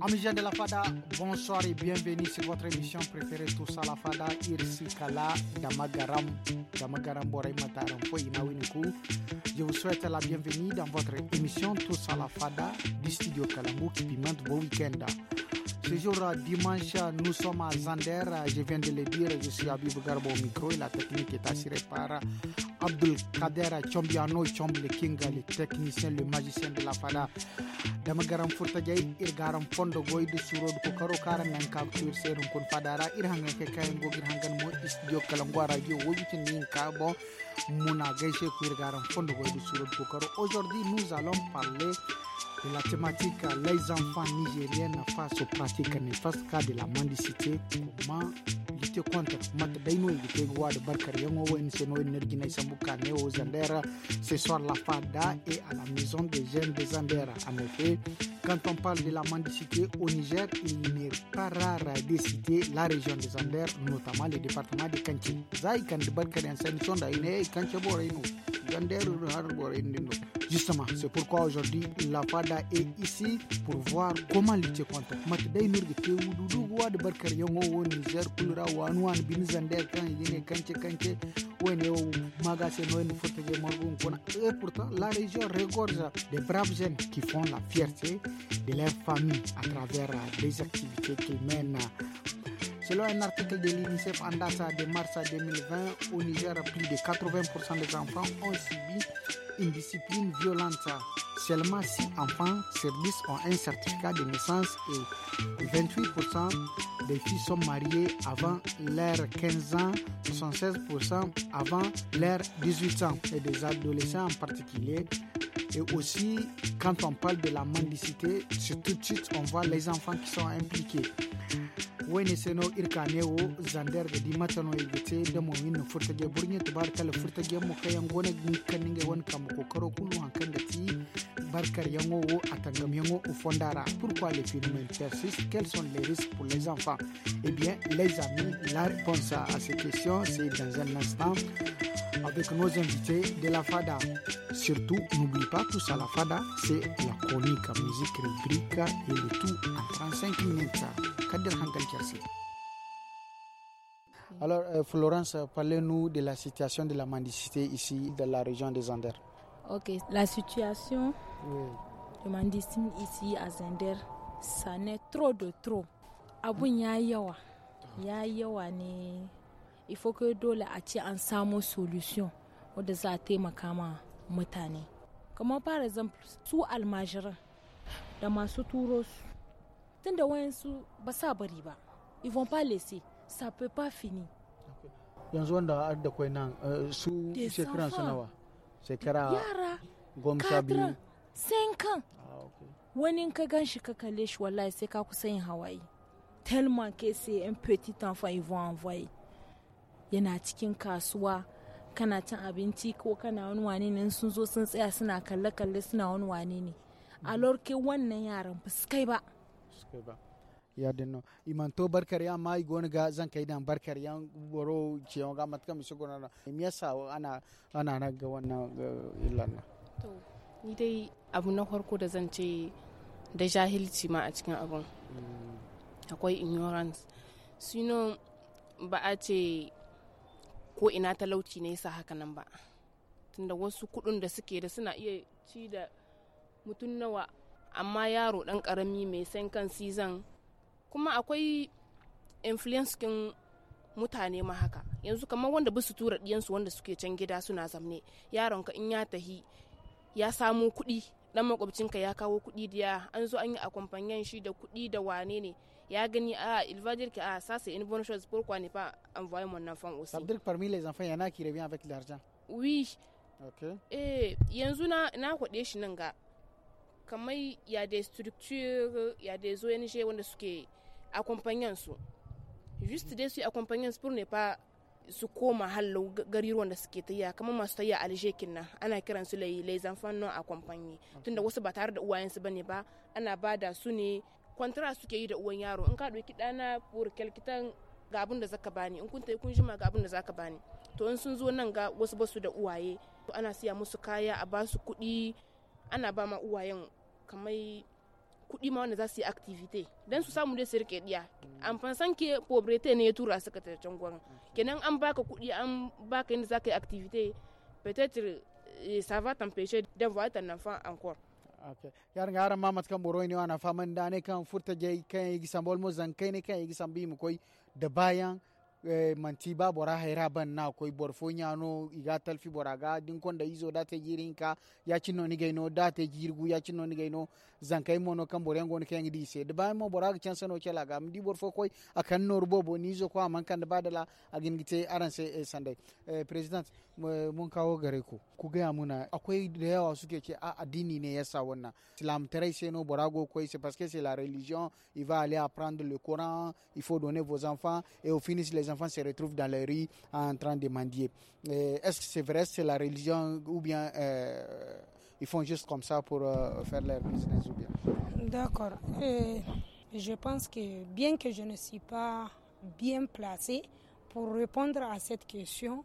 Amis de la Fada, bonsoir et bienvenue sur votre émission préférée Tous à la Fada, Irsi Kala, Damagaram, Damagaram Mataram Je vous souhaite la bienvenue dans votre émission Tous la Fada du studio Kalambou qui pimente vos week-ends. Ce jour, dimanche, nous sommes à Zander. Je viens de le dire, je suis à Garbo au micro et la technique est assurée par Abdul Kader Chombiano Chomb le King, le technicien, le magicien de la Fada. dama garam furta jay ir garam fondo goyde surod ko karo karan nan ka tur serun kon fadara ir hangan ke kayan gogir hangan mo studio kala ngwa radio wojitin nin ka bon muna gaishe ku ir garam fondo goyde surod ko karo aujourd'hui nous allons parler de la thématique les enfants nigériens face aux pratiques néfastes de la mendicité comment gite kwanta mata daino gite gwa da barkar seno energi na isa ne o zandera ce soir la fada et à la maison des jeunes de Zandera. En effet, quand on parle de la mendicité au Niger, il n'est pas rare de citer la région de Zander, notamment le département de Kanchi. Zai kan da barkar yan sani son Justement, c'est pourquoi aujourd'hui la FADA est ici pour voir comment lutter contre. Matidai nurga ke wududuwa de barkar yango wo Niger kulra wan bin zander kan yene kanche kanche wene wo maga se noen furta je morgun kona. Et pourtant, la région regorge des braves jeunes qui font la fierté de leur famille à travers des activités qu'ils mènent Selon un article de l'UNICEF en date de mars 2020, au Niger, plus de 80% des enfants ont subi une discipline violente. Seulement 6 enfants sur ont un certificat de naissance et 28% des filles sont mariées avant l'ère 15 ans, 76% avant l'ère 18 ans. Et des adolescents en particulier, et aussi, quand on parle de la mendicité, tout de suite, on voit les enfants qui sont impliqués. wani seno irkanewo newo zandar da di mata no igite da mo winno furta ge to kala mo kayan gona kan ninge won kam ko karo kulu han ti barkar yango wo atangam yango o fondara pourquoi les phénomènes persistent quels sont les risques pour les enfants Eh bien les amis la réponse à ces questions c'est dans un instant avec nos invités de la FADA surtout n'oublie pas pas la fada, c'est la chronique musique rubrique et le tout en 35 minutes. Kader Hankal Alors, euh, Florence, parlez-nous de la situation de la mendicité ici, dans la région des Zander. Ok, la situation oui. de mendicité ici à Zander, ça n'est trop de trop. Abun ah ya yawa, il faut que dole a une solution au za a taimaka mutane. kamar par example su almajiran da masu turo su wayan wayansu ba sa bari ba ivon palace sa pepa fini yanzu wanda da kwai nan eh, su shekaran su nawa shekara yara gomsha biyu ah, kan wani ka gan shi ka kalle shi wallahi sai ka kusa yin hawaii tellement que c'est un petit enfant ivon vont envoyer yana cikin kasuwa kana cin abinci ko kana wani wane ne sun zo sun tsaya suna kalle kalle suna wani wane ne a mm. lorke wannan yaran ba su kai ba ya dinno imanto barkar ya mai gona ga zan kai dan barkar yan goro ce ga matka mi shugona na me yasa ana ana nan ga wannan illan to ni dai abu na farko da zan ce da jahilci ma a cikin abun mm. akwai ignorance sino ba a ce ko ina talauci ne yasa haka nan ba tunda wasu kuɗin da suke da suna iya ci da mutum nawa amma yaro ɗan karami mai san kan season kuma akwai influence kin mutane ma haka yanzu kamar wanda su tura su wanda suke can gida suna zamne yaronka in ya tahi ya samo kuɗi dan makwabcinka ya kawo kuɗi ya an zo an yi akwamfanyan shi da kuɗi da wane ne ya gani a ah, il va a sasa ah ça c'est une bonne chose pourquoi ne pas envoyer mon enfant aussi ça veut dire parmi les enfants il y en a qui revient avec l'argent oui okay eh yanzu na na kwade shi nan ga kamar ya des structures ya zo ONG wanda suke accompagnant su juste dai su accompagnant pour ne pas su koma hallo ruwan da suke tayya kamar masu tayya aljekin nan ana kiran su lai zanfan non a kwamfani tunda wasu ba tare da uwayensu bane ba ana bada su ne kwantara suke yi da uwan yaro in ka dana ɗana burkelkitan ga abin da zaka bani in kun tayi kun jima ga abin da zaka bani to in sun zo nan ga wasu basu da uwaye ana siya musu kaya a ba su kuɗi ana ba ma uwayen kamar kuɗi ma wanda za su yi activity don su samu dai su rike diya amfan san ke pobrete ne ya tura suka ta can kenan an baka kuɗi an baka yadda zaka yi activité peut-être eh, ça va t'empêcher d'avoir ton enfant encore yar nga aran mamat kan boroi ne wana faman da ne kan furta je kan yi gisan bol mo zan kai ne kan yi gisan bi mu koi da bayan eh, manti ba bora haira ban na koi borfo nyano iga talfi bora ga din kon da izo da te girin ka ya cinno ni gaino da te girgu ya cinno ni gaino zankay mono kam bore ngon ken di se de bay mo borag chanse no chela ga di bor fo koy akan nor bobo ni zo ko man kan badala agin gite aran se eh, sande eh, president mun kawo gare ku ku ga muna akwai da yawa suke ce a addini ne yasa wannan islam tare se no borago koy c'est parce que c'est la religion il va aller apprendre le coran il faut donner vos enfants et au finish les enfants se retrouvent dans les rues en train de mendier eh, est-ce que c'est vrai c'est la religion ou bien euh, ils font juste comme ça pour euh, faire leur business D'accord. Euh, je pense que bien que je ne suis pas bien placé pour répondre à cette question,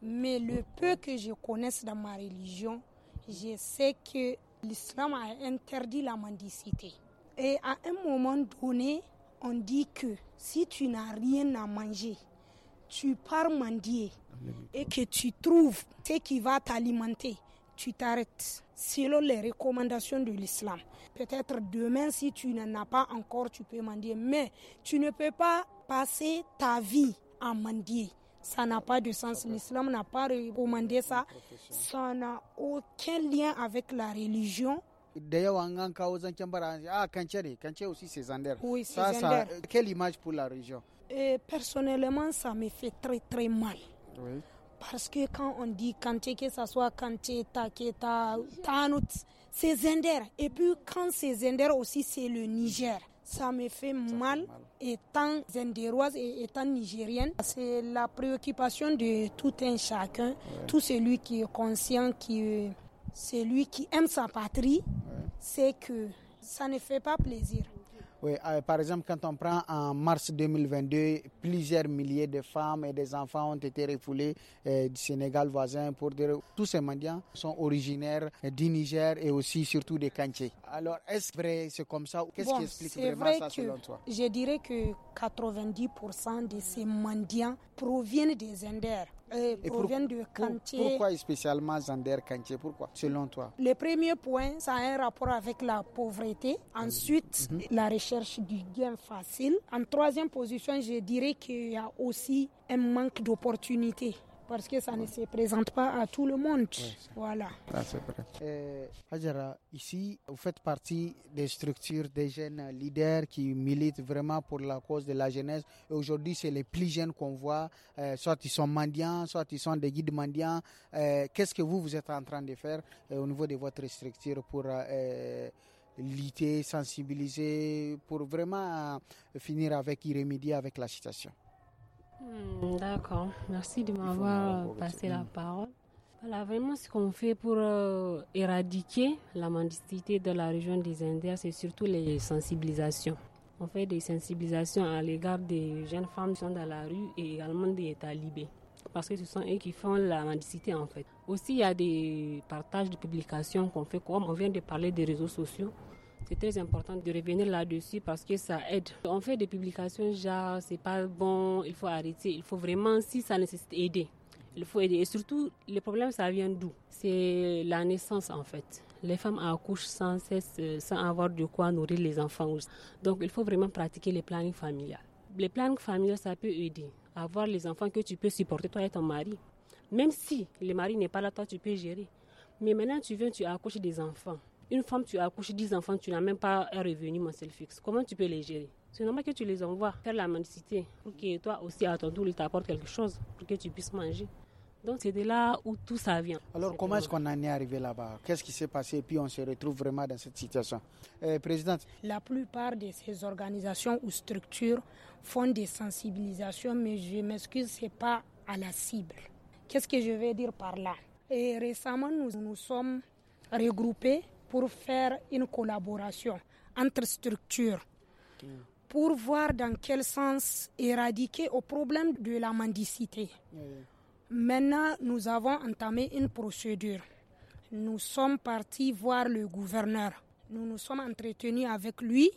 mais le peu que je connaisse dans ma religion, je sais que l'islam a interdit la mendicité. Et à un moment donné, on dit que si tu n'as rien à manger, tu pars mendier et que tu trouves ce qui va t'alimenter, tu t'arrêtes selon les recommandations de l'islam. Peut-être demain, si tu n'en as pas encore, tu peux mendier, mais tu ne peux pas passer ta vie à mendier. Ça n'a pas de sens. L'islam n'a pas recommandé ça. Ça n'a aucun lien avec la religion. aussi oui quelle image pour la région Et personnellement ça me fait très très mal oui. Parce que quand on dit Kanté, que ce soit Kanté, Taketa, Tanout, c'est Zender. Et puis quand c'est Zender aussi, c'est le Niger. Ça me fait mal, étant Zenderoise et étant nigérienne. C'est la préoccupation de tout un chacun, tout celui qui est conscient, qui, celui qui aime sa patrie, c'est que ça ne fait pas plaisir. Oui, euh, par exemple, quand on prend en mars 2022, plusieurs milliers de femmes et des enfants ont été refoulés euh, du Sénégal voisin pour dire tous ces mendiants sont originaires du Niger et aussi surtout des Cantiers. Alors, est-ce vrai, c'est comme ça ou Qu'est-ce qui explique vraiment ça selon toi Je dirais que 90% de ces mendiants proviennent des Indères. Et de pourquoi spécialement Zander Cantier Pourquoi, selon toi Le premier point, ça a un rapport avec la pauvreté. Ensuite, mhm. Mhm. la recherche du gain facile. En troisième position, je dirais qu'il y a aussi un manque d'opportunités parce que ça ne se présente pas à tout le monde. voilà. Euh, ici, vous faites partie des structures des jeunes leaders qui militent vraiment pour la cause de la jeunesse. aujourd'hui, c'est les plus jeunes qu'on voit. Euh, soit ils sont mendiants, soit ils sont des guides mendiants. Euh, qu'est-ce que vous, vous êtes en train de faire au niveau de votre structure pour lutter, sensibiliser, pour vraiment finir avec, irrémédier avec la situation Hmm, d'accord. Merci de m'avoir passé la parole. Voilà, vraiment ce qu'on fait pour euh, éradiquer la mendicité de la région des Indiens, c'est surtout les sensibilisations. On fait des sensibilisations à l'égard des jeunes femmes qui sont dans la rue et également des talibés. Parce que ce sont eux qui font la mendicité en fait. Aussi, il y a des partages de publications qu'on fait, comme on vient de parler des réseaux sociaux. C'est très important de revenir là-dessus parce que ça aide. On fait des publications genre c'est pas bon, il faut arrêter. Il faut vraiment, si ça nécessite, aider. Il faut aider. Et surtout, le problème, ça vient d'où C'est la naissance en fait. Les femmes accouchent sans cesse, euh, sans avoir de quoi nourrir les enfants. Donc il faut vraiment pratiquer les plannings familial. Les plannings familial, ça peut aider. Avoir les enfants que tu peux supporter, toi et ton mari. Même si le mari n'est pas là, toi, tu peux gérer. Mais maintenant, tu viens, tu accouches des enfants. Une femme, tu as accouché 10 enfants, tu n'as même pas un revenu mensuel fixe. Comment tu peux les gérer c'est normal que tu les envoies faire la mendicité pour que toi aussi, à ton tour, ils t'apportent quelque chose pour que tu puisses manger. Donc c'est de là où tout ça vient. Alors comment est-ce qu'on en est arrivé là-bas Qu'est-ce qui s'est passé et puis on se retrouve vraiment dans cette situation euh, Présidente La plupart de ces organisations ou structures font des sensibilisations, mais je m'excuse, ce n'est pas à la cible. Qu'est-ce que je veux dire par là et Récemment, nous nous sommes regroupés pour faire une collaboration entre structures pour voir dans quel sens éradiquer au problème de la mendicité. Maintenant, nous avons entamé une procédure. Nous sommes partis voir le gouverneur. Nous nous sommes entretenus avec lui.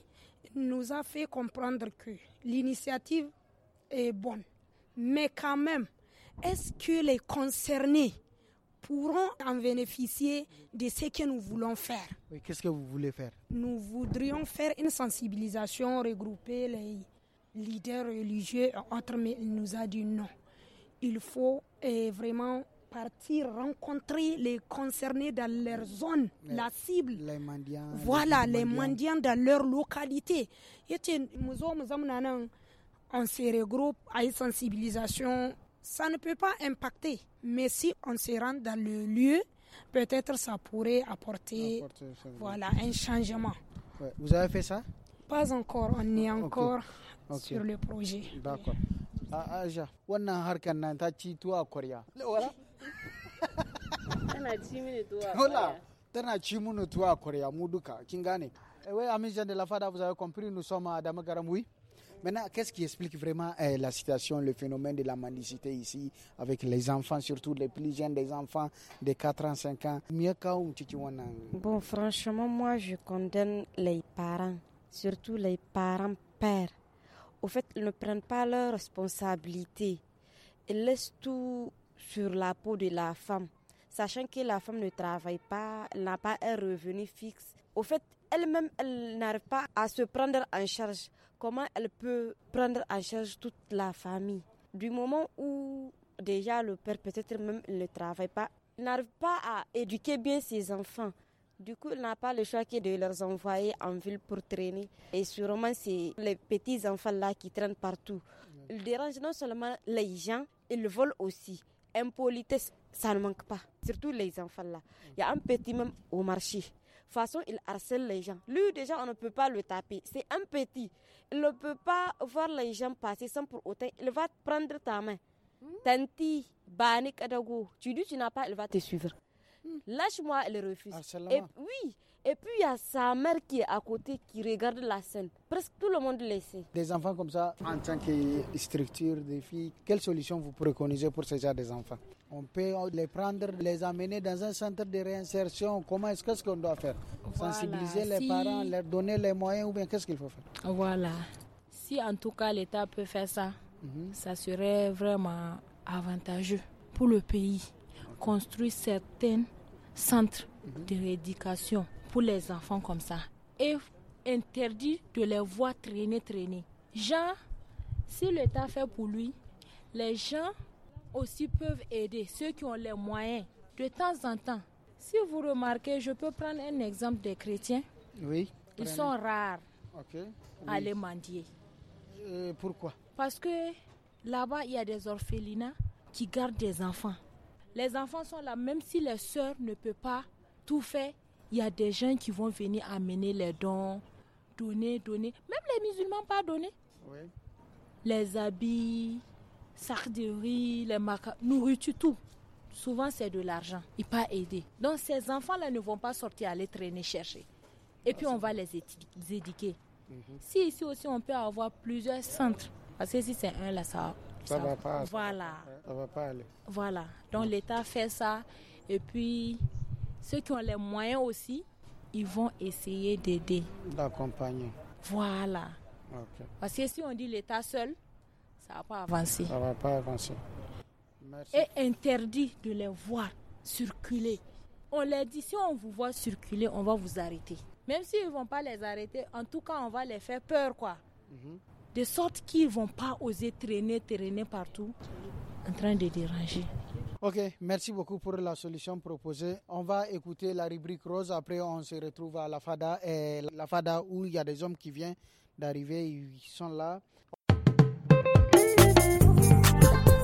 Il nous a fait comprendre que l'initiative est bonne. Mais quand même, est-ce que les concernés pourront en bénéficier de ce que nous voulons faire. Oui, qu'est-ce que vous voulez faire Nous voudrions faire une sensibilisation, regrouper les leaders religieux et autres, mais il nous a dit non. Il faut vraiment partir rencontrer les concernés dans leur zone, la cible. Les mendiants. Voilà, les, dans leur localité. On se regroupe à une sensibilisation ça ne peut pas impacter. Mais si on se rend dans le lieu, peut-être ça pourrait apporter, apporter voilà, un changement. Ouais. Vous avez fait ça Pas encore, on est encore okay. sur le projet. D'accord. Ah, Aja, ah, wana harkan nan ta ci tuwa kwarya. Wala? Tana ci mini tuwa kwarya. Tana ci mini tuwa kwarya mu duka, Oui, eh, amis gens de la FADA, vous avez compris, nous sommes à Damagaram, oui. Maintenant, qu'est-ce qui explique vraiment eh, la situation, le phénomène de la mendicité ici, avec les enfants, surtout les plus jeunes, des enfants de 4 ans, 5 ans Bon, franchement, moi, je condamne les parents, surtout les parents pères. Au fait, ils ne prennent pas leurs responsabilités. Ils laissent tout sur la peau de la femme sachant que la femme ne travaille pas, n'a pas un revenu fixe. Au fait, elle-même, elle n'arrive pas à se prendre en charge. Comment elle peut prendre en charge toute la famille Du moment où déjà le père peut-être même ne travaille pas, n'arrive pas à éduquer bien ses enfants. Du coup, elle n'a pas le choix que de les envoyer en ville pour traîner. Et sûrement, c'est les petits enfants-là qui traînent partout. Ils dérangent non seulement les gens, ils volent aussi. Impolitesse, ça ne manque pas. Surtout les enfants-là. Il y a un petit même au marché façon, il harcèle les gens. Lui, déjà, on ne peut pas le taper. C'est un petit. Il ne peut pas voir les gens passer sans pour autant. Il va prendre ta main. Hmm. Tanti, Bani Kadago, tu dis tu n'as pas, il va te suivre. Hmm. Lâche-moi, il refuse. Et, oui, et puis il y a sa mère qui est à côté, qui regarde la scène. Presque tout le monde le sait. Des enfants comme ça, en tant que structure des filles, quelle solution vous préconisez pour ces genre des enfants on peut les prendre, les amener dans un centre de réinsertion. Comment est-ce que ce qu'on doit faire Sensibiliser les parents, leur donner les moyens ou bien qu'est-ce qu'il faut faire Voilà. Si en tout cas l'État peut faire ça, mhm. ça serait vraiment avantageux pour le pays. Construire certains centres mhm. de rééducation pour les enfants comme ça. Et interdire de les voir traîner, traîner. Genre, si l'État fait pour lui, les gens aussi peuvent aider ceux qui ont les moyens. De temps en temps, si vous remarquez, je peux prendre un exemple des chrétiens. Oui. Ils sont rares à les mendier. Euh, pourquoi Parce que là-bas, il y a des orphelinats qui gardent des enfants. Les enfants sont là, même si les soeurs ne peuvent pas tout faire, il y a des gens qui vont venir amener les dons, donner, donner. Même les musulmans pas donner. Les habits, sarderie les macarons, nourriture, tout. Souvent, c'est de l'argent. Il pas aider. Donc, ces enfants-là ne vont pas sortir aller traîner, chercher. Et puis, on va les éduquer. Mhm. Si ici aussi, on peut avoir plusieurs centres. Parce que si c'est un, là, ça, ça, va pas. Voilà. Ça va pas aller. Voilà. Donc, l'État fait ça. Et puis, ceux qui ont les moyens aussi, ils vont essayer d'aider. D'accompagner. Voilà. Parce que si on dit l'État seul, ça n'a pas avancé. Ça va pas avancer. Et interdit de les voir circuler. On leur dit, si on vous voit circuler, on va vous arrêter. Même s'ils ne vont pas les arrêter, en tout cas, on va les faire peur, quoi. Mhm. De sorte qu'ils ne vont pas oser traîner, traîner partout, en train de déranger. Ok, merci beaucoup pour la solution proposée. On va écouter la rubrique rose. Après, on se retrouve à la FADA. Et la FADA, où il y a des hommes qui viennent d'arriver, ils sont là.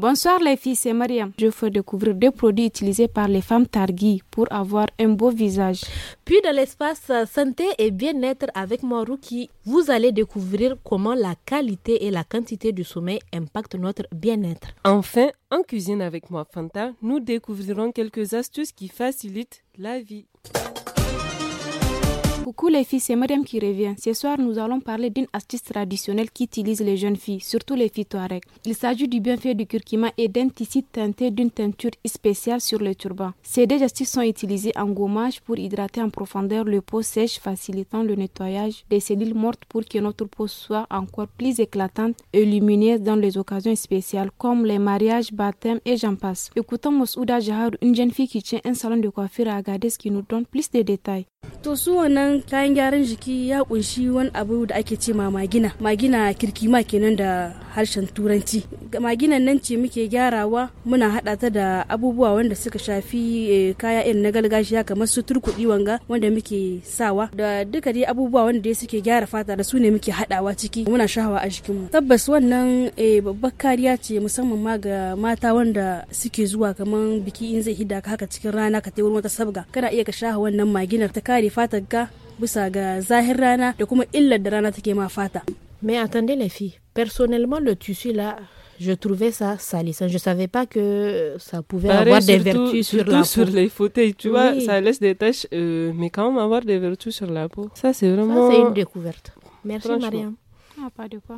Bonsoir les filles, c'est Maria. Je fais découvrir des produits utilisés par les femmes targui pour avoir un beau visage. Puis dans l'espace euh, santé et bien-être avec moi vous allez découvrir comment la qualité et la quantité du sommeil impactent notre bien-être. Enfin, en cuisine avec moi Fanta, nous découvrirons quelques astuces qui facilitent la vie. Coucou les filles, c'est Madame qui revient. Ce soir, nous allons parler d'une astuce traditionnelle qui utilise les jeunes filles, surtout les filles Touareg. Il s'agit du bienfait du curcuma et d'un tissu teinté d'une teinture spéciale sur le turban. Ces deux astuces sont utilisées en gommage pour hydrater en profondeur le peau sèche, facilitant le nettoyage des cellules mortes pour que notre peau soit encore plus éclatante et lumineuse dans les occasions spéciales comme les mariages, baptêmes et j'en passe. Écoutons Mosouda Jahar, une jeune fille qui tient un salon de coiffure à Agadez qui nous donne plus de détails. To su wannan kayan gyaran jiki ya kunshi wani abu da ake ce ma magina. Magina kirkima kenan da harshen turanci. Maginan nan ce muke gyarawa muna haɗa ta da abubuwa wanda suka shafi eh, kaya irin na gargajiya kamar su turkuɗi wanga wanda muke sawa da duka dai abubuwa wanda dai suke gyara fata da su ne muke haɗawa ciki muna shahawa a jikinmu. Tabbas wannan eh, babbar kariya ce musamman ma ga mata wanda suke zuwa kamar biki in zai hidda haka cikin rana ka tewar wata sabga kana iya ka shaha wannan maginar ta mais attendez les filles personnellement le tissu là je trouvais ça salissant. Je savais pas que ça pouvait avoir des vertus sur la peau. sur les fauteuils, tu vois, ça laisse des taches, euh, mais quand même avoir des vertus sur la peau. Ça, c'est vraiment... Ça, c'est une découverte. Merci, Mariam. Ah, pas de quoi.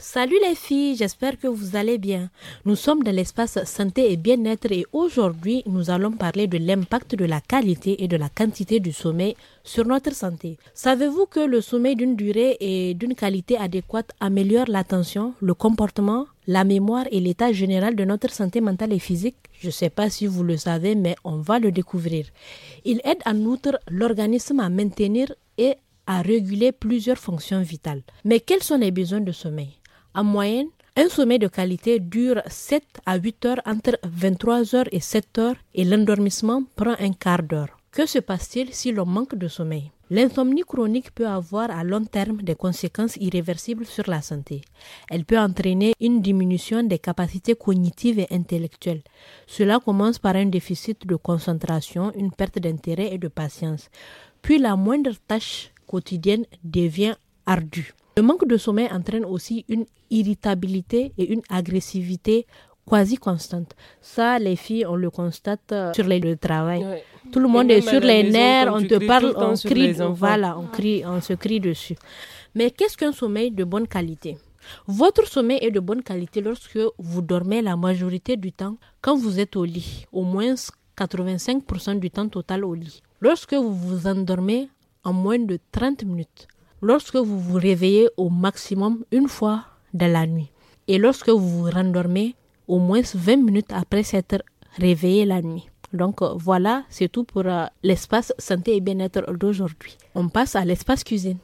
Salut les filles, j'espère que vous allez bien. Nous sommes dans l'espace santé et bien-être et aujourd'hui nous allons parler de l'impact de la qualité et de la quantité du sommeil sur notre santé. Savez-vous que le sommeil d'une durée et d'une qualité adéquate améliore l'attention, le comportement, la mémoire et l'état général de notre santé mentale et physique Je ne sais pas si vous le savez mais on va le découvrir. Il aide en outre l'organisme à maintenir et à réguler plusieurs fonctions vitales. Mais quels sont les besoins de sommeil en moyenne, un sommeil de qualité dure 7 à 8 heures entre 23 heures et 7 heures et l'endormissement prend un quart d'heure. Que se passe-t-il si l'on manque de sommeil L'insomnie chronique peut avoir à long terme des conséquences irréversibles sur la santé. Elle peut entraîner une diminution des capacités cognitives et intellectuelles. Cela commence par un déficit de concentration, une perte d'intérêt et de patience. Puis la moindre tâche quotidienne devient ardue. Le manque de sommeil entraîne aussi une irritabilité et une agressivité quasi constante. Ça, les filles, on le constate euh, sur le travail. Tout le monde est sur les nerfs, on te parle, on crie, là, on crie, on se crie dessus. Mais qu'est-ce qu'un sommeil de bonne qualité votre sommeil est de bonne qualité lorsque vous dormez la majorité du temps quand vous êtes au lit, au moins 85% du temps total au lit. Lorsque vous vous endormez en moins de 30 minutes, lorsque vous vous réveillez au maximum une fois dans la nuit et lorsque vous vous rendormez au moins 20 minutes après s'être réveillé la nuit. Donc euh, voilà, c'est tout pour euh, l'espace santé et bien-être d'aujourd'hui. On passe à l'espace cuisine.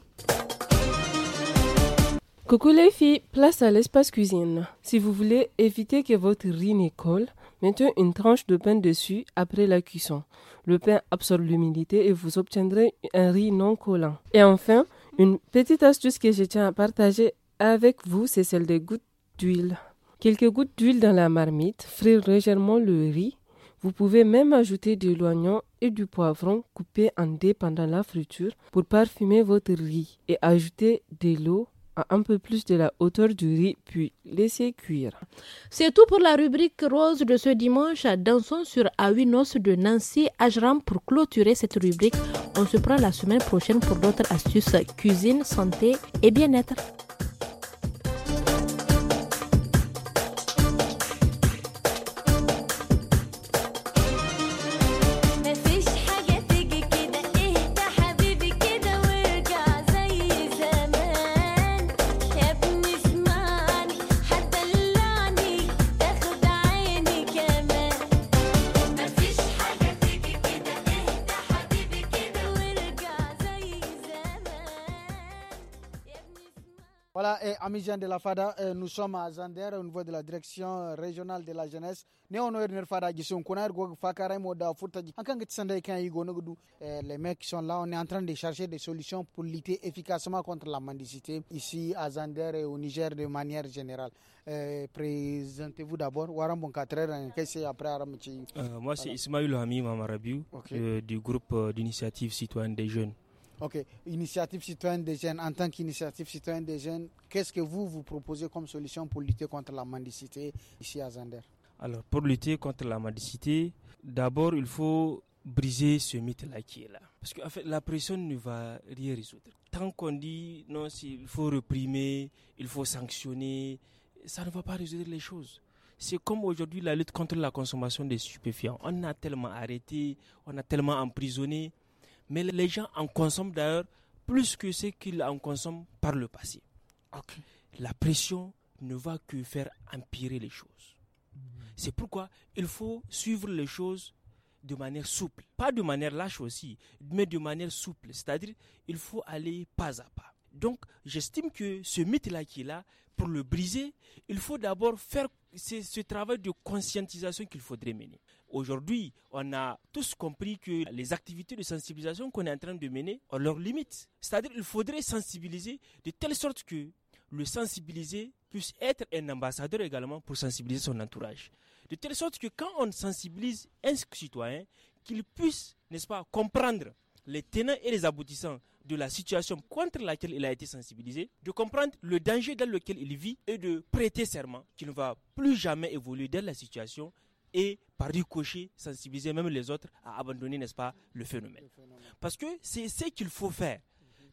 Coucou les filles, place à l'espace cuisine. Si vous voulez éviter que votre riz ne colle, mettez une tranche de pain dessus après la cuisson. Le pain absorbe l'humidité et vous obtiendrez un riz non collant. Et enfin, une petite astuce que je tiens à partager avec vous, c'est celle des gouttes d'huile. Quelques gouttes d'huile dans la marmite, frire légèrement le riz. Vous pouvez même ajouter de l'oignon et du poivron coupés en dés pendant la friture pour parfumer votre riz et ajouter de l'eau un peu plus de la hauteur du riz, puis laisser cuire. C'est tout pour la rubrique rose de ce dimanche. Dansons sur Awinos de Nancy Ajram pour clôturer cette rubrique. On se prend la semaine prochaine pour d'autres astuces cuisine, santé et bien-être. de la FADA, euh, nous sommes à Zander au niveau de la direction euh, régionale de la jeunesse. FADA euh, Les mecs qui sont là, on est en train de chercher des solutions pour lutter efficacement contre la mendicité ici à Zander et au Niger de manière générale. présentez-vous d'abord. Hein, moi c'est Ismail Hamim Amarabiou du groupe d'initiative citoyenne des jeunes. Ok, initiative citoyenne des jeunes, en tant qu'initiative citoyenne des jeunes, qu'est-ce que vous vous proposez comme solution pour lutter contre la mendicité ici à Zander Alors, pour lutter contre la mendicité, d'abord, il faut briser ce mythe-là qui est là. Parce que fait, la pression ne va rien résoudre. Tant qu'on dit non, il faut réprimer, il faut sanctionner, ça ne va pas résoudre les choses. C'est comme aujourd'hui la lutte contre la consommation des stupéfiants. On a tellement arrêté, on a tellement emprisonné, mais les gens en consomment d'ailleurs plus que ce qu'ils en consomment par le passé. La pression ne va que faire empirer les choses. Mm. C'est pourquoi il faut suivre les choses de manière souple, pas de manière lâche aussi, mais de manière souple, c'est-à-dire il faut aller pas à pas. Donc, j'estime que ce mythe-là qu'il a, pour le briser, il faut d'abord faire ce travail de conscientisation qu'il faudrait mener. Aujourd'hui, on a tous compris que les activités de sensibilisation qu'on est en train de mener ont leurs limites. C'est-à-dire qu'il faudrait sensibiliser de telle sorte que le sensibilisé puisse être un ambassadeur également pour sensibiliser son entourage. De telle sorte que quand on sensibilise un citoyen, qu'il puisse, n'est-ce pas, comprendre les tenants et les aboutissants de la situation contre laquelle il a été sensibilisé, de comprendre le danger dans lequel il vit et de prêter serment qu'il ne va plus jamais évoluer dans la situation et par cocher, sensibiliser même les autres à abandonner, n'est-ce pas, le phénomène. Parce que c'est ce qu'il faut faire.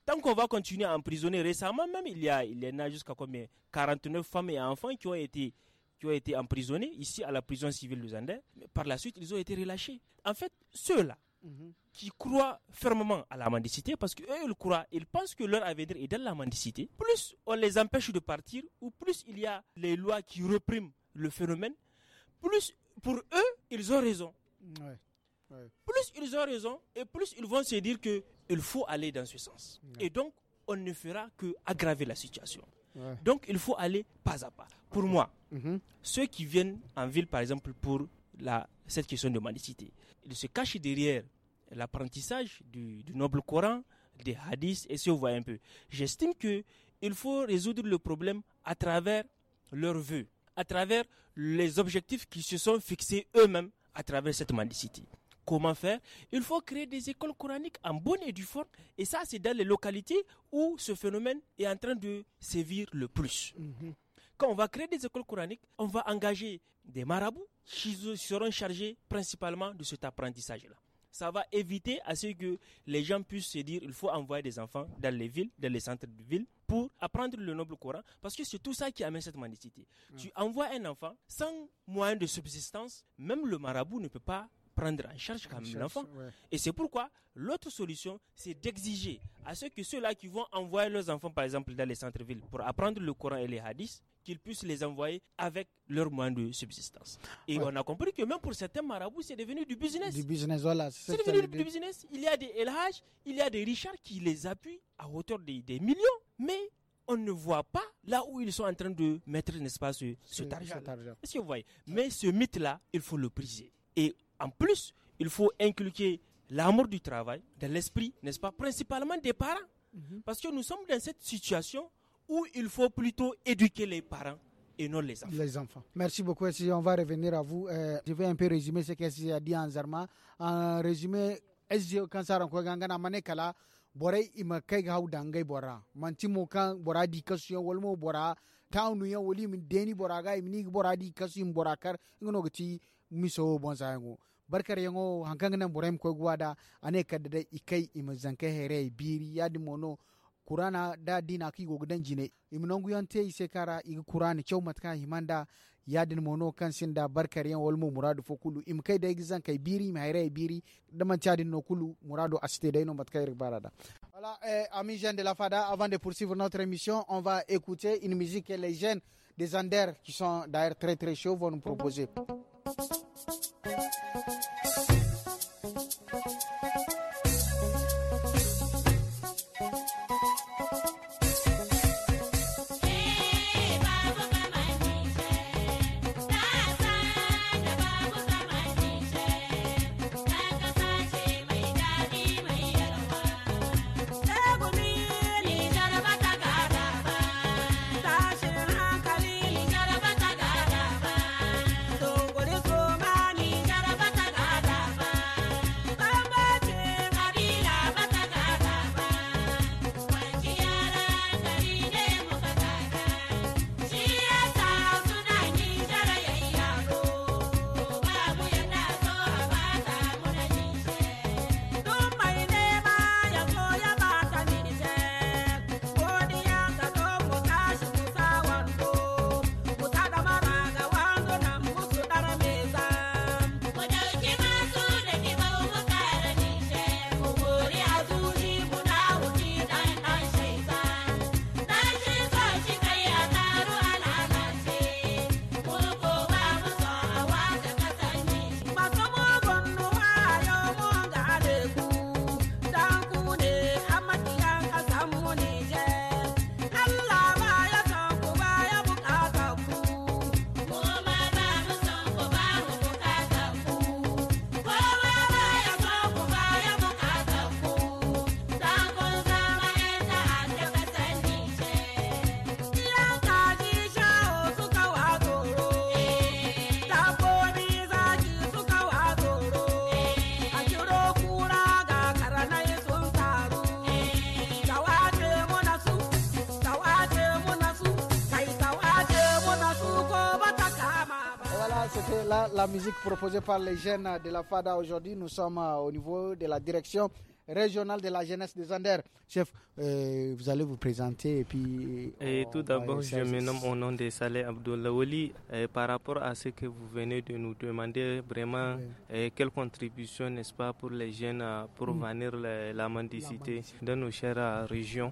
Tant qu'on va continuer à emprisonner, récemment même, il y a, il en a jusqu'à combien 49 femmes et enfants qui ont été qui ont été emprisonnés ici à la prison civile de Zander. Mais par la suite, ils ont été relâchés. En fait, ceux-là qui croient fermement à la mendicité, parce qu'eux, ils croient, ils pensent que leur avenir est dans la mendicité, plus on les empêche de partir, ou plus il y a les lois qui repriment le phénomène, plus pour eux, ils ont raison. Plus ils ont raison, et plus ils vont se dire qu'il faut aller dans ce sens. Et donc, on ne fera que aggraver la situation. Donc, il faut aller pas à pas. Pour moi, mhm. ceux qui viennent en ville, par exemple, pour cette question de malicité, ils se cachent derrière l'apprentissage du, noble Coran, des hadiths, et si on voit un peu. J'estime qu'il faut résoudre le problème à travers leurs vœux à travers les objectifs qui se sont fixés eux-mêmes à travers cette mendicité. Comment faire Il faut créer des écoles coraniques en bonne et due forme. Et ça, c'est dans les localités où ce phénomène est en train de sévir le plus. Mhm. Quand on va créer des écoles coraniques, on va engager des marabouts qui seront chargés principalement de cet apprentissage-là ça va éviter à ce que les gens puissent se dire il faut envoyer des enfants dans les villes, dans les centres de ville pour apprendre le noble Coran, parce que c'est tout ça qui amène cette mendicité. Tu envoies un enfant sans moyen de subsistance, même le marabout ne peut pas prendre en charge quand même l'enfant. Et c'est pourquoi l'autre solution, c'est d'exiger à ceux que ceux-là qui vont envoyer leurs enfants, par exemple, dans les centres-villes pour apprendre le Coran et les hadiths, qu'ils puissent les envoyer avec leurs moyens de subsistance. Et on a compris que même pour certains marabouts, c'est devenu du business. Du business, voilà. C'est devenu du, business. Il y a des LH, il y a des Richard qui les appuient à hauteur des, millions, mais on ne voit pas là où ils sont en train de mettre, n'est-ce pas, ce, cet argent. voyez Mais ce mythe-là, il faut le briser. Et en plus, il faut inculquer l'amour du travail de l'esprit, n'est-ce pas, principalement des parents. Mhm. Parce que nous sommes dans cette situation où il faut plutôt éduquer les parents et non les enfants. Les enfants. Merci beaucoup. Si on va revenir à vous, euh, je vais un peu résumer ce qu'elle a dit en Zarma. En résumé, SGO Kansar Kwagangana Manekala, Borai Imakai Gaudangai Bora, Mantimo Kan Bora Dikasio, Wolmo Bora, Taunu Yan Wolim Deni Boraga, Imnig Bora kar. Borakar, Ngonogati, Miso Bonsango. barkar yango hankangana borem ko gwada ane kadada ikai imazanke here biri yadi mono kurana da dina ki go gudan jine imnon guyan te ise kara ig kurani cew matka himanda yadin mono kan sinda barkar yan walmu muradu fo kulu im kai da igzan kai biri mai rai biri da man tadin no kulu muradu asite da ino matka ir barada voilà eh, amis jeunes de la fada avant de poursuivre notre émission on va écouter une musique que les jeunes des Anders qui sont d'ailleurs très très chauds vont nous proposer. la musique proposée par les jeunes de la FADA aujourd'hui. Nous sommes euh, au niveau de la direction régionale de la jeunesse des Anders. Chef, euh, vous allez vous présenter et puis... Et tout d'abord, je me nomme au nom de Saleh Abdoulaouli. Euh, par rapport à ce que vous venez de nous demander, vraiment, euh, quelle contribution, n'est-ce pas, pour les jeunes pour mm. venir la, la, mendicité dans nos chères régions.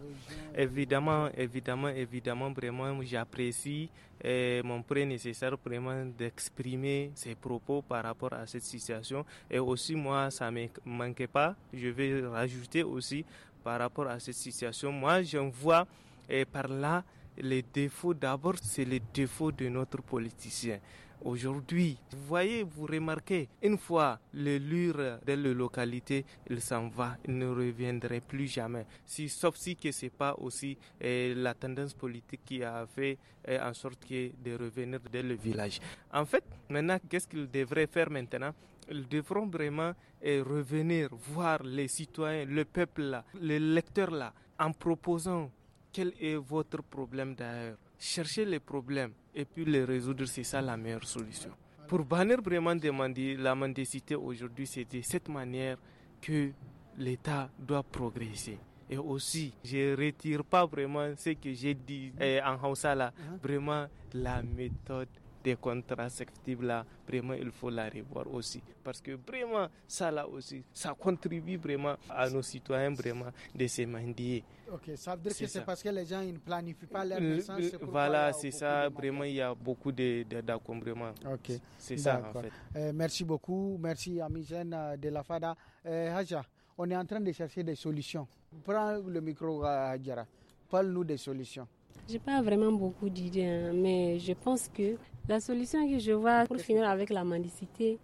Évidemment, évidemment, évidemment, vraiment, j'apprécie mon prêt nécessaire vraiment d'exprimer ses propos par rapport à cette situation. Et aussi, moi, ça ne me manquait pas. Je vais rajouter aussi par rapport à cette situation. Moi, j'en vois et eh, par là les défauts. D'abord, c'est les défauts de notre politicien. Aujourd'hui, vous voyez, vous remarquez, une fois le lure de la localité, il s'en va, il ne reviendrait plus jamais. Si, sauf si que c'est pas aussi eh, la tendance politique qui a fait eh, en sorte de revenir dès le village. En fait, maintenant, qu'est-ce qu'il devrait faire maintenant ils devront vraiment eh, revenir voir les citoyens, le peuple là, les lecteurs là, en proposant quel est votre problème d'ailleurs. Cherchez les problèmes et puis les résoudre, c'est ça la meilleure solution. Pour bannir vraiment demander la mendicité aujourd'hui, c'est de cette manière que l'État doit progresser. Et aussi, je retire pas vraiment ce que j'ai dit eh, en Haussala, là, uh-huh. vraiment la méthode des contraceptifs là, vraiment il faut la revoir aussi. Parce que vraiment, ça là aussi, ça contribue vraiment à nos citoyens vraiment de se mendier. Ok, ça que c'est parce que les gens ils ne planifient pas leur naissance. Voilà, c'est ça, vraiment il y a beaucoup d'accombrements. ok, c'est ça en fait. Euh, merci beaucoup, merci à euh, de la FADA. Euh, Haja, on est en train de chercher des solutions. Prends le micro, euh, Hajara. Parle-nous des solutions. J'ai pas vraiment beaucoup d'idées, hein, mais je pense que la solution que je vois pour finir avec la mendicité,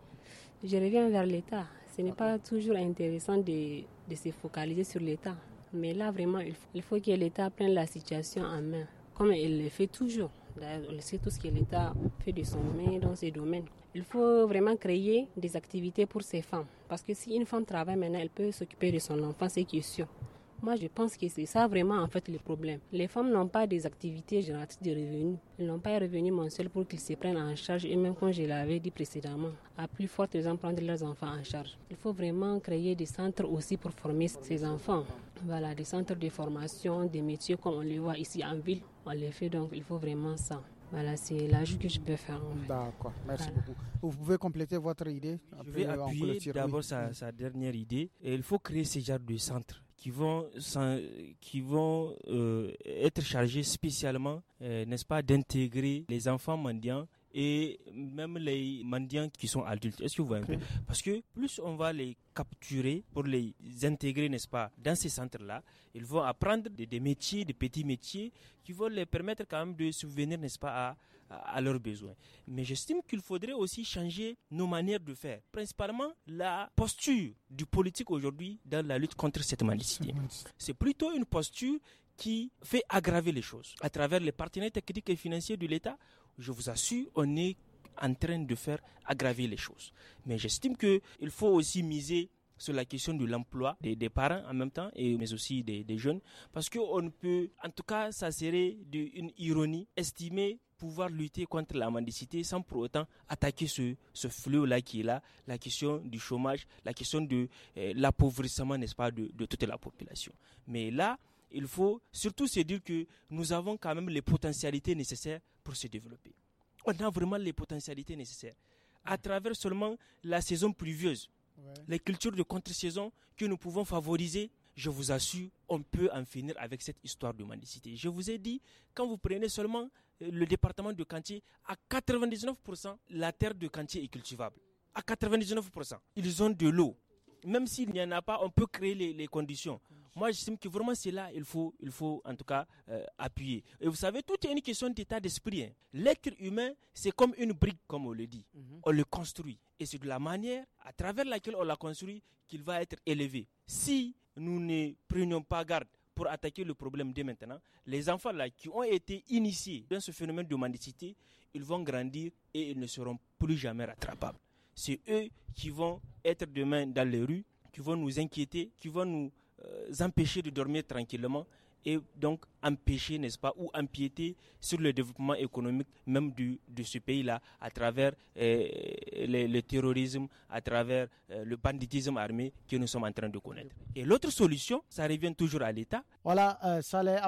je reviens vers l'État. Ce n'est pas toujours intéressant de, se focaliser sur l'État. Mais là, vraiment, il faut, que l'État prenne la situation en main, comme il le fait toujours. D'ailleurs, on sait tout ce que l'État fait de son main dans ces domaines. Il faut vraiment créer des activités pour ces femmes. Parce que si une femme travaille maintenant, elle peut s'occuper de son enfant, c'est question. Moi, je pense que c'est ça vraiment en fait le problème. Les femmes n'ont pas des activités génératrices de revenus. Elles n'ont pas un revenu mensuel pour qu'ils se prennent en charge, et même quand je l'avais dit précédemment, à plus forte raison prendre leurs enfants en charge. Il faut vraiment créer des centres aussi pour former ces enfants. Voilà, des centres de formation, des métiers comme on les voit ici en ville. On les fait donc, il faut vraiment ça. Voilà, c'est l'ajout que je peux faire. D'accord, merci beaucoup. Vous pouvez compléter votre idée Je vais appuyer d'abord sa, dernière idée. Et il faut créer ce genre de centre qui vont, qui vont euh, être chargés spécialement, euh, n'est-ce pas, d'intégrer les enfants mendiants et même les mendiants qui sont adultes. Est-ce que vous voyez un peu Parce que plus on va les capturer pour les intégrer, n'est-ce pas, dans ces centres-là, ils vont apprendre des, métiers, des petits métiers qui vont les permettre quand même de subvenir, n'est-ce pas, à à leurs besoins. Mais j'estime qu'il faudrait aussi changer nos manières de faire, principalement la posture du politique aujourd'hui dans la lutte contre cette malicité. C'est plutôt une posture qui fait aggraver les choses. À travers les partenaires techniques et financiers de l'État, je vous assure, on est en train de faire aggraver les choses. Mais j'estime qu'il faut aussi miser sur la question de l'emploi des, parents en même temps, et, mais aussi des, jeunes, parce qu'on ne peut, en tout cas, ça serait une ironie, estimée pouvoir lutter contre la mendicité sans pour autant attaquer ce, ce fléau-là qui est là, la question du chômage, la question de euh, l'appauvrissement, n'est-ce pas, de, de toute la population. Mais là, il faut surtout se dire que nous avons quand même les potentialités nécessaires pour se développer. On a vraiment les potentialités nécessaires. À travers seulement la saison pluvieuse, les cultures de contre-saison que nous pouvons favoriser, je vous assure, on peut en finir avec cette histoire de mendicité. Je vous ai dit, quand vous prenez seulement euh, le département de Cantier, à 99%, la terre de Cantier est cultivable. À 99%. Ils ont de l'eau. Même s'il n'y en a pas, on peut créer les conditions. Moi, j'estime que vraiment c'est là, il faut, il faut en tout cas euh, appuyer. Et vous savez, tout est une question d'état d'esprit. Hein. L'être humain, c'est comme une brique, comme on le dit. Mhm. On le construit. Et c'est de la manière à travers laquelle on l'a construit qu'il va être élevé. Si nous ne prenions pas garde pour attaquer le problème dès maintenant, les enfants là qui ont été initiés dans ce phénomène de mendicité, ils vont grandir et ils ne seront plus jamais rattrapables. C'est eux qui vont être demain dans les rues, qui vont nous inquiéter, qui vont nous euh, empêcher de dormir tranquillement et donc empêcher, n'est-ce pas, ou empiéter sur le développement économique même du, de ce pays-là à travers euh, le, terrorisme, à travers euh, le banditisme armé que nous sommes en train de connaître. Et l'autre solution, ça revient toujours à l'État. Voilà, euh, Saleh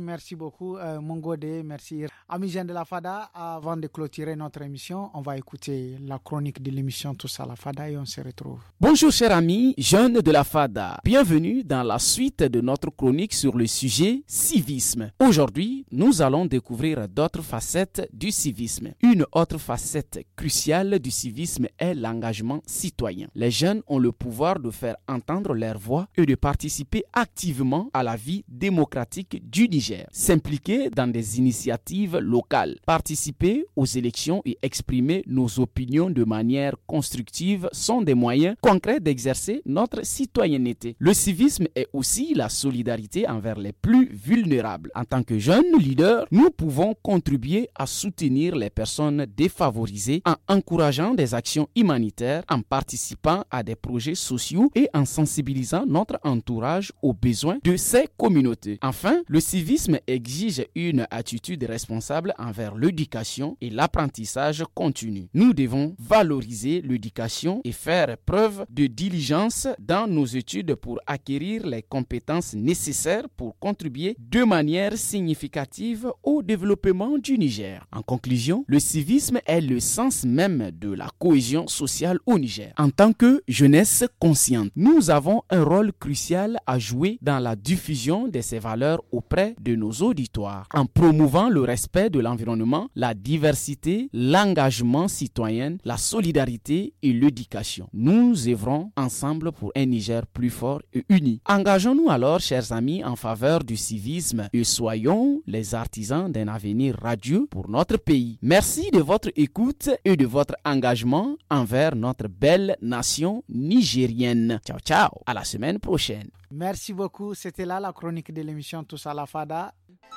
merci beaucoup. Euh, Mongode, merci. Amis de la FADA, avant de clôturer notre émission, on va écouter la chronique de l'émission Tous à la FADA et on se retrouve. Bonjour chers amis, jeunes de la FADA. Bienvenue dans la suite de notre chronique sur le sujet civisme. Aujourd'hui, nous allons découvrir d'autres facettes du civisme. Une autre facette cruciale du civisme est l'engagement citoyen. Les jeunes ont le pouvoir de faire entendre leur voix et de participer activement à la vie démocratique du Niger, s'impliquer dans des initiatives locales, participer aux élections et exprimer nos opinions de manière constructive sont des moyens concrets d'exercer notre citoyenneté. Le civisme est aussi la solidarité envers les plus vulnérables. En tant que jeunes leaders, nous pouvons contribuer à soutenir les personnes défavorisées en encourageant des actions humanitaires, en participant à des projets sociaux et en sensibilisant notre entourage aux besoins de ces communautés. Enfin, le civisme exige une attitude responsable envers l'éducation et l'apprentissage continu. Nous devons valoriser l'éducation et faire preuve de diligence dans nos études pour acquérir les compétences nécessaires pour contribuer de manière significative au développement du Niger. En conclusion, le civisme est le sens même de la cohésion sociale au Niger. En tant que jeunesse consciente, nous avons un rôle crucial à jouer dans la diffusion de ces valeurs auprès de nos auditoires, en promouvant le respect de l'environnement, la diversité, l'engagement citoyen, la solidarité et l'éducation. Nous œuvrons ensemble pour un Niger plus fort et uni. Engageons-nous alors, chers amis, en faveur du civisme et soyons les artisans d'un avenir radieux pour notre pays. Merci de votre écoute et de votre engagement envers notre belle nation nigérienne. Ciao ciao, à la semaine prochaine. Merci beaucoup. C'était là la chronique de l'émission Tous à la Fada.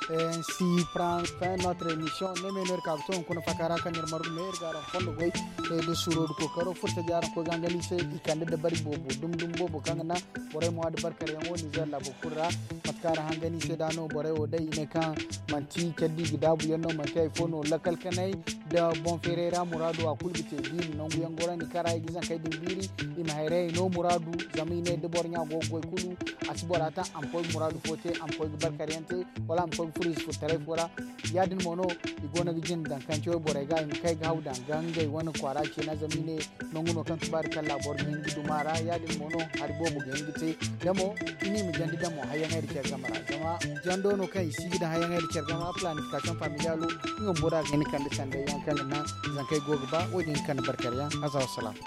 Ainsi prend fin notre émission. Ne meneur kapton kono fakara kan yar maru mer gara fondo goy e de suro ko karo furta jar ko gangali se ikande de bari bobo dum dum bobo kangana bore mo ad barkar yan woni zer la bokura matkara hangani se dano bore o ne kan manti keddi gidabu yanno manti fono lakal kanai da bon ferreira muradu a kulbite bin non guyan gorani kara gizan biri ima no muradu zamine de bornya gogoy kulu asibolata ampoy mouradou fote ampoy barkariente wala ampoy frise fo tere fora yadin mono i gonag jin dan kantio bore ga in kay gaw dan gangde wona kwara ke na zamine nonguno kan tubar kala bor men gidu mara yadin mono har bo bu gen gite demo ini mi jandi demo hayan ayi ke gamara jama jando no kay sigi da hayan ayi ke gamara planification familialu ngom bora gen kan de sande yon ya, kan na zan kay gogba wodin kan barkariya azza wassalam